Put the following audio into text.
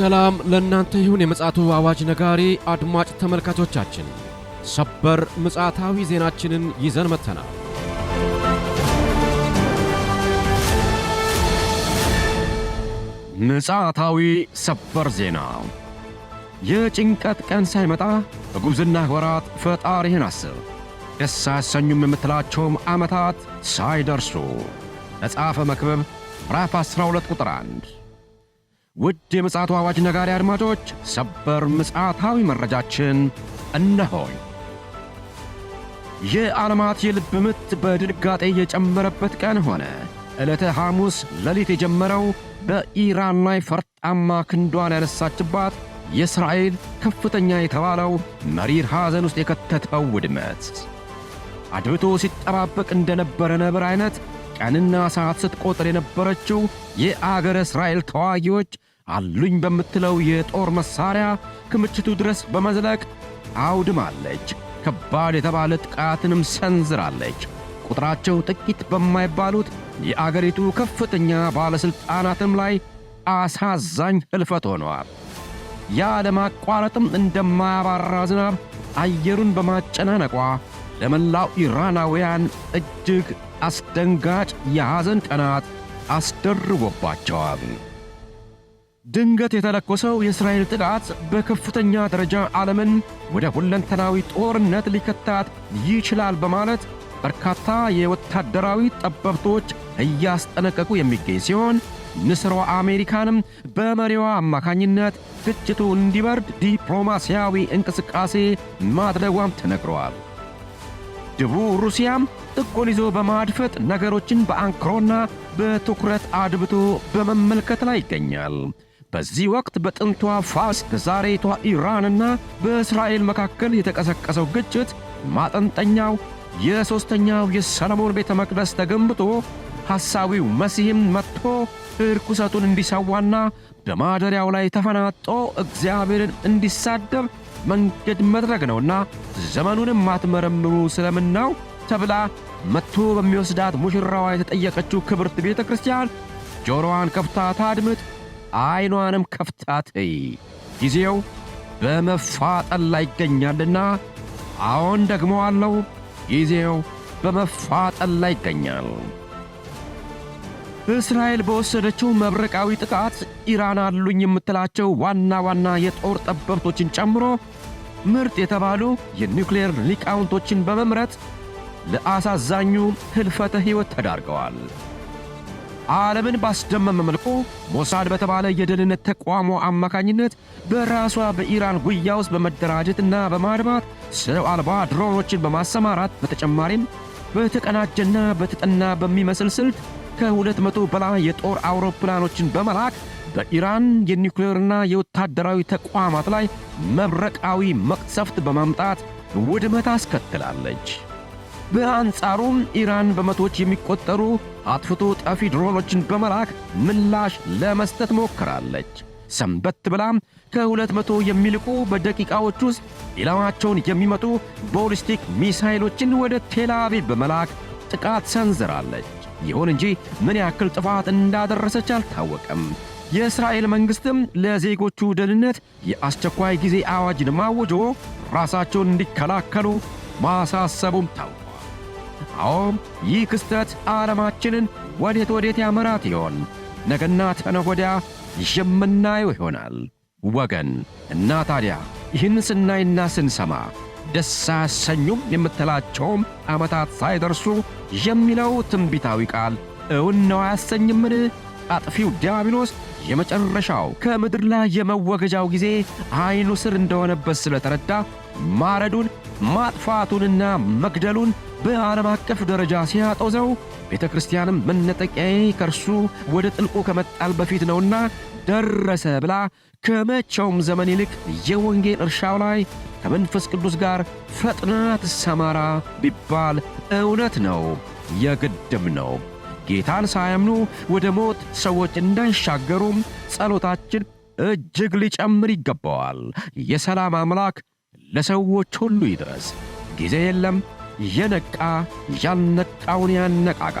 ሰላም ለእናንተ ይሁን። የምፅዓቱ አዋጅ ነጋሪ አድማጭ ተመልካቾቻችን ሰበር ምፅዓታዊ ዜናችንን ይዘን መጥተናል። ምፅዓታዊ ሰበር ዜና የጭንቀት ቀን ሳይመጣ በጉብዝና ወራት ፈጣሪህን አስብ፣ ደስ አያሰኙም የምትላቸውም ዓመታት ሳይደርሱ መጽሐፈ መክብብ ምዕራፍ 12 ቁጥር 1 ውድ የምፅዓቱ አዋጅ ነጋሪ አድማጮች ሰበር ምፅዓታዊ መረጃችን እነሆኝ። የዓለማት የልብ ምት በድንጋጤ የጨመረበት ቀን ሆነ። ዕለተ ሐሙስ ሌሊት የጀመረው በኢራን ላይ ፈርጣማ ክንዷን ያነሳችባት የእስራኤል ከፍተኛ የተባለው መሪር ሐዘን ውስጥ የከተተው ውድመት አድብቶ ሲጠባበቅ እንደነበረ ነብር አይነት ቀንና ሰዓት ስትቆጥር የነበረችው የአገረ እስራኤል ተዋጊዎች አሉኝ በምትለው የጦር መሣሪያ ክምችቱ ድረስ በመዝለቅ አውድማለች። ከባድ የተባለ ጥቃትንም ሰንዝራለች። ቁጥራቸው ጥቂት በማይባሉት የአገሪቱ ከፍተኛ ባለሥልጣናትም ላይ አሳዛኝ ሕልፈት ሆነዋል። ያለማቋረጥም እንደማያባራ ዝናብ አየሩን በማጨናነቋ ለመላው ኢራናውያን እጅግ አስደንጋጭ የሐዘን ቀናት አስደርቦባቸዋል። ድንገት የተለኮሰው የእስራኤል ጥቃት በከፍተኛ ደረጃ ዓለምን ወደ ሁለንተናዊ ጦርነት ሊከታት ይችላል በማለት በርካታ የወታደራዊ ጠበብቶች እያስጠነቀቁ የሚገኝ ሲሆን ንስሯ አሜሪካንም በመሪዋ አማካኝነት ግጭቱ እንዲበርድ ዲፕሎማሲያዊ እንቅስቃሴ ማድረጓም ተነግረዋል። ደቡብ ሩሲያም ጥቁን ይዞ በማድፈጥ ነገሮችን በአንክሮና በትኩረት አድብቶ በመመልከት ላይ ይገኛል። በዚህ ወቅት በጥንቷ ፋርስ በዛሬቷ ኢራንና በእስራኤል መካከል የተቀሰቀሰው ግጭት ማጠንጠኛው የሦስተኛው የሰለሞን ቤተ መቅደስ ተገንብቶ ሐሳዊው መሲህም መጥቶ ርኩሰቱን እንዲሰዋና በማደሪያው ላይ ተፈናጦ እግዚአብሔርን እንዲሳደብ መንገድ መድረግ ነውና ዘመኑንም ማትመረምሩ ስለምናው ተብላ መጥቶ በሚወስዳት ሙሽራዋ የተጠየቀችው ክብርት ቤተ ክርስቲያን ጆሮዋን ከፍታ ታድምጥ፣ ዐይኗንም ከፍታ ትይ። ጊዜው በመፋጠን ላይ ይገኛልና፣ አዎን ደግሞ አለው ጊዜው በመፋጠን ላይ ይገኛል። እስራኤል በወሰደችው መብረቃዊ ጥቃት ኢራን አሉኝ የምትላቸው ዋና ዋና የጦር ጠበብቶችን ጨምሮ ምርጥ የተባሉ የኒውክሌር ሊቃውንቶችን በመምረጥ ለአሳዛኙ ህልፈተ ሕይወት ተዳርገዋል። ዓለምን ባስደመመ መልኩ ሞሳድ በተባለ የደህንነት ተቋሟ አማካኝነት በራሷ በኢራን ጉያ ውስጥ በመደራጀትና በማድማት ሰው አልባ ድሮኖችን በማሰማራት በተጨማሪም በተቀናጀና በተጠና በሚመስል ስልት ከሁለት መቶ በላይ የጦር አውሮፕላኖችን በመላክ በኢራን የኒውክሌርና የወታደራዊ ተቋማት ላይ መብረቃዊ መቅሰፍት በማምጣት ውድመት አስከትላለች። በአንጻሩም ኢራን በመቶዎች የሚቆጠሩ አጥፍቶ ጠፊ ድሮኖችን በመላክ ምላሽ ለመስጠት ሞክራለች። ሰንበት ብላም ከሁለት መቶ የሚልቁ በደቂቃዎች ውስጥ ኢላማቸውን የሚመጡ ቦሊስቲክ ሚሳይሎችን ወደ ቴል በመላክ ጥቃት ሰንዝራለች። ይሁን እንጂ ምን ያክል ጥፋት እንዳደረሰች አልታወቀም። የእስራኤል መንግሥትም ለዜጎቹ ደህንነት የአስቸኳይ ጊዜ አዋጅን ማውጆ ራሳቸውን እንዲከላከሉ ማሳሰቡም ታውቋል። አዎም ይህ ክስተት ዓለማችንን ወዴት ወዴት ያመራት ይሆን? ነገና ተነገወዲያ የምናየው ይሆናል። ወገን እና ታዲያ ይህን ስናይና ስንሰማ ደስ አያሰኙም የምትላቸውም ዓመታት ሳይደርሱ የሚለው ትንቢታዊ ቃል እውን ነው አያሰኝምን? አጥፊው ዲያብሎስ የመጨረሻው ከምድር ላይ የመወገጃው ጊዜ ዐይኑ ስር እንደሆነበት ስለተረዳ ማረዱን ማጥፋቱንና መግደሉን በዓለም አቀፍ ደረጃ ሲያጦዘው ቤተ ክርስቲያንም መነጠቂያዬ ከእርሱ ወደ ጥልቁ ከመጣል በፊት ነውና ደረሰ ብላ ከመቼውም ዘመን ይልቅ የወንጌል እርሻው ላይ ከመንፈስ ቅዱስ ጋር ፈጥና ትሰማራ ቢባል እውነት ነው፣ የግድም ነው። ጌታን ሳያምኑ ወደ ሞት ሰዎች እንዳይሻገሩም ጸሎታችን እጅግ ሊጨምር ይገባዋል። የሰላም አምላክ ለሰዎች ሁሉ ይድረስ። ጊዜ የለም የነቃ ያልነቃውን ያነቃቃ